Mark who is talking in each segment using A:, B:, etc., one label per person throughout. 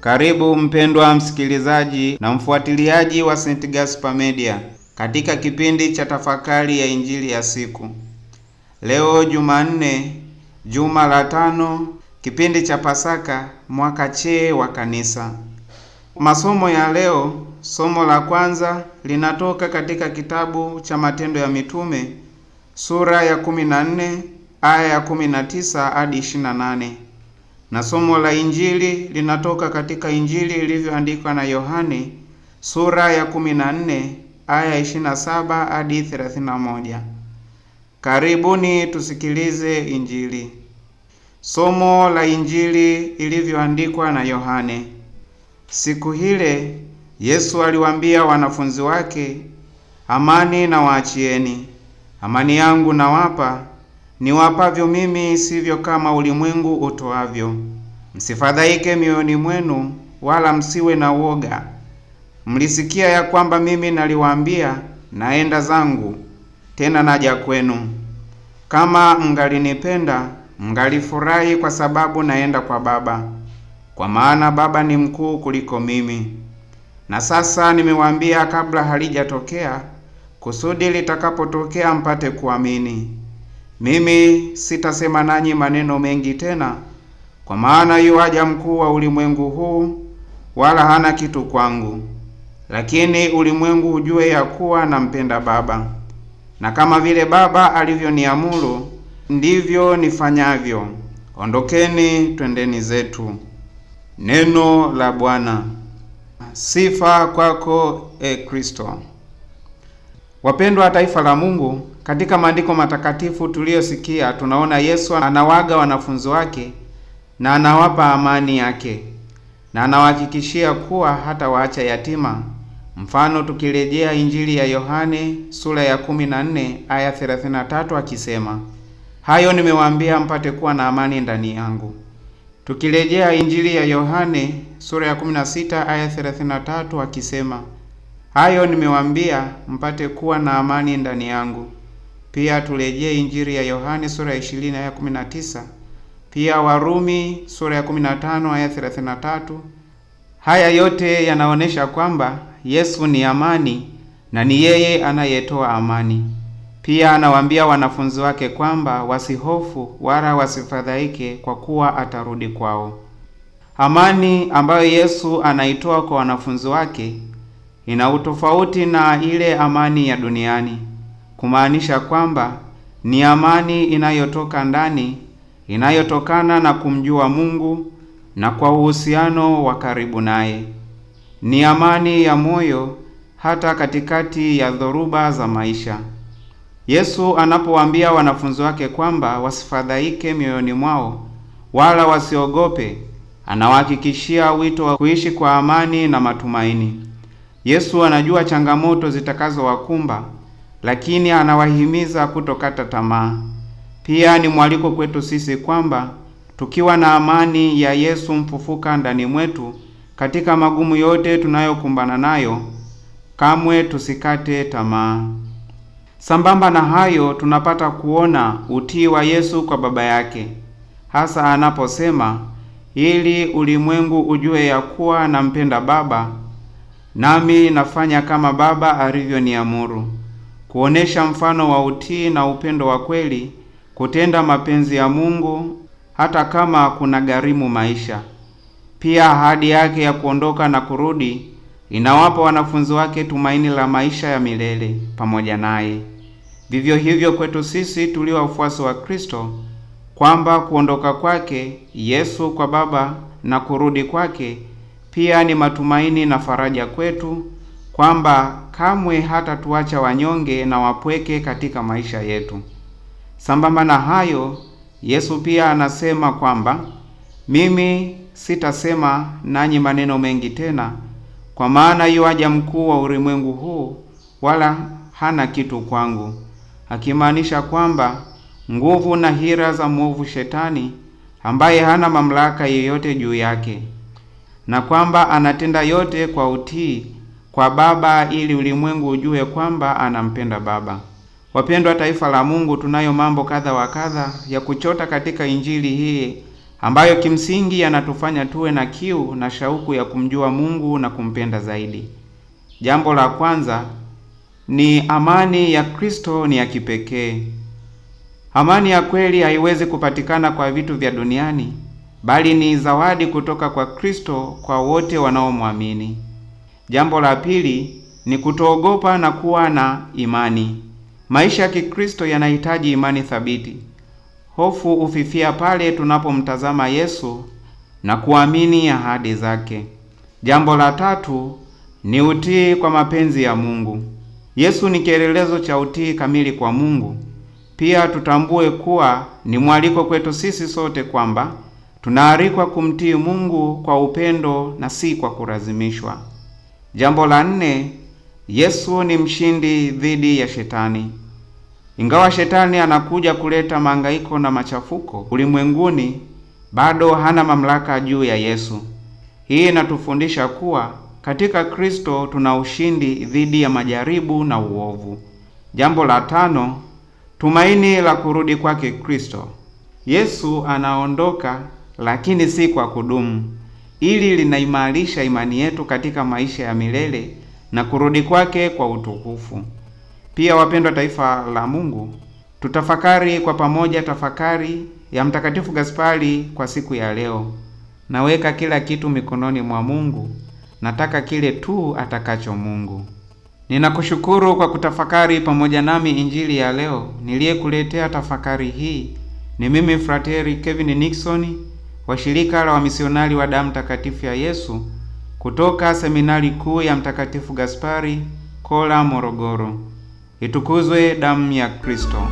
A: Karibu mpendwa msikilizaji na mfuatiliaji wa St. Gaspar Media katika kipindi cha tafakari ya injili ya siku. Leo Jumanne, juma la tano, kipindi cha Pasaka, mwaka C wa Kanisa. Masomo ya leo, somo la kwanza linatoka katika kitabu cha Matendo ya Mitume sura ya 14 aya ya 19 hadi 28 na somo la Injili linatoka katika Injili ilivyoandikwa na Yohane sura ya 14 aya 27 hadi 31. Karibuni tusikilize Injili. Somo la Injili ilivyoandikwa na Yohane. Siku hile Yesu aliwaambia wanafunzi wake, amani na waachieni, amani yangu nawapa, niwapavyo mimi sivyo kama ulimwengu utoavyo. Msifadhaike mioyoni mwenu, wala msiwe na woga. Mlisikia ya kwamba mimi naliwaambia, naenda zangu tena naja kwenu. Kama mngalinipenda, mngalifurahi kwa sababu naenda kwa Baba, kwa maana Baba ni mkuu kuliko mimi. Na sasa nimewaambia kabla halijatokea, kusudi litakapotokea mpate kuamini. Mimi sitasema nanyi maneno mengi tena, kwa maana haja mkuu wa ulimwengu huu, wala hana kitu kwangu. Lakini ulimwengu ujue ya kuwa nampenda Baba, na kama vile Baba alivyoniamuru ndivyo nifanyavyo. Ondokeni, twendeni zetu. Neno la Bwana. Sifa kwako, e Kristo. Wapendwa taifa la Mungu, katika maandiko matakatifu tuliyosikia, tunaona Yesu anawaga wanafunzi wake na anawapa amani yake na anawahakikishia kuwa hata waacha yatima. Mfano, tukirejea Injili ya Yohane sura ya 14 aya 33 akisema, hayo nimewaambia mpate kuwa na amani ndani yangu. Tukirejea Injili ya Yohane sura ya 16 aya 33 akisema, hayo nimewaambia mpate kuwa na amani ndani yangu. Pia turejee Injili ya Yohane sura ya 20 aya 19, pia Warumi sura ya 15 aya 33. Haya yote yanaonyesha kwamba Yesu ni amani na ni yeye anayetoa amani. Pia anawaambia wanafunzi wake kwamba wasihofu wala wasifadhaike kwa kuwa atarudi kwao. Amani ambayo Yesu anaitoa kwa wanafunzi wake ina utofauti na ile amani ya duniani kumaanisha kwamba ni amani inayotoka ndani, inayotokana na kumjua Mungu na kwa uhusiano wa karibu naye. Ni amani ya moyo hata katikati ya dhoruba za maisha. Yesu anapowaambia wanafunzi wake kwamba wasifadhaike mioyoni mwao wala wasiogope, anawahakikishia wito wa kuishi kwa amani na matumaini. Yesu anajua changamoto zitakazowakumba lakini anawahimiza kutokata tamaa. Pia ni mwaliko kwetu sisi kwamba tukiwa na amani ya Yesu mfufuka ndani mwetu, katika magumu yote tunayokumbana nayo, kamwe tusikate tamaa. Sambamba na hayo, tunapata kuona utii wa Yesu kwa Baba yake, hasa anaposema ili ulimwengu ujue ya kuwa nampenda Baba nami nafanya kama Baba alivyoniamuru kuonesha mfano wa utii na upendo wa kweli, kutenda mapenzi ya Mungu hata kama kuna gharimu maisha. Pia ahadi yake ya kuondoka na kurudi inawapa wanafunzi wake tumaini la maisha ya milele pamoja naye. Vivyo hivyo kwetu sisi tulio wafuasi wa Kristo, kwamba kuondoka kwake Yesu kwa Baba na kurudi kwake pia ni matumaini na faraja kwetu kwamba kamwe hata tuacha wanyonge na wapweke katika maisha yetu. Sambamba na hayo, Yesu pia anasema kwamba mimi sitasema nanyi maneno mengi tena, kwa maana yuaja mkuu wa ulimwengu huu, wala hana kitu kwangu, akimaanisha kwamba nguvu na hira za mwovu Shetani ambaye hana mamlaka yoyote juu yake, na kwamba anatenda yote kwa utii kwa Baba ili ulimwengu ujue kwamba anampenda Baba. Wapendwa taifa la Mungu, tunayo mambo kadha wa kadha ya kuchota katika injili hii ambayo kimsingi yanatufanya tuwe na kiu na shauku ya kumjua Mungu na kumpenda zaidi. Jambo la kwanza ni amani ya Kristo ni ya kipekee. Amani ya kweli haiwezi kupatikana kwa vitu vya duniani, bali ni zawadi kutoka kwa Kristo kwa wote wanaomwamini. Jambo la pili ni kutoogopa na kuwa na imani. Maisha ya Kikristo yanahitaji imani thabiti. Hofu ufifia pale tunapomtazama Yesu na kuamini ahadi zake. Jambo la tatu ni utii kwa mapenzi ya Mungu. Yesu ni kielelezo cha utii kamili kwa Mungu. Pia tutambue kuwa ni mwaliko kwetu sisi sote kwamba tunaalikwa kumtii Mungu kwa upendo na si kwa kulazimishwa. Jambo la nne, Yesu ni mshindi dhidi ya shetani. Ingawa shetani anakuja kuleta mahangaiko na machafuko ulimwenguni, bado hana mamlaka juu ya Yesu. Hii inatufundisha kuwa katika Kristo tuna ushindi dhidi ya majaribu na uovu. Jambo la tano, tumaini la kurudi kwake Kristo. Yesu anaondoka, lakini si kwa kudumu ili linaimarisha imani yetu katika maisha ya milele na kurudi kwake kwa utukufu. Pia wapendwa taifa la Mungu, tutafakari kwa pamoja tafakari ya Mtakatifu Gaspari kwa siku ya leo. Naweka kila kitu mikononi mwa Mungu, nataka kile tu atakacho Mungu. Ninakushukuru kwa kutafakari pamoja nami injili ya leo. Niliyekuletea tafakari hii ni mimi Frateri Kevin Nixon kwa shirika la wamisionari wa damu takatifu ya Yesu kutoka seminari kuu ya Mtakatifu Gaspari Kola, Morogoro. Itukuzwe damu ya Kristo!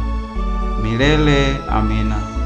A: Milele amina.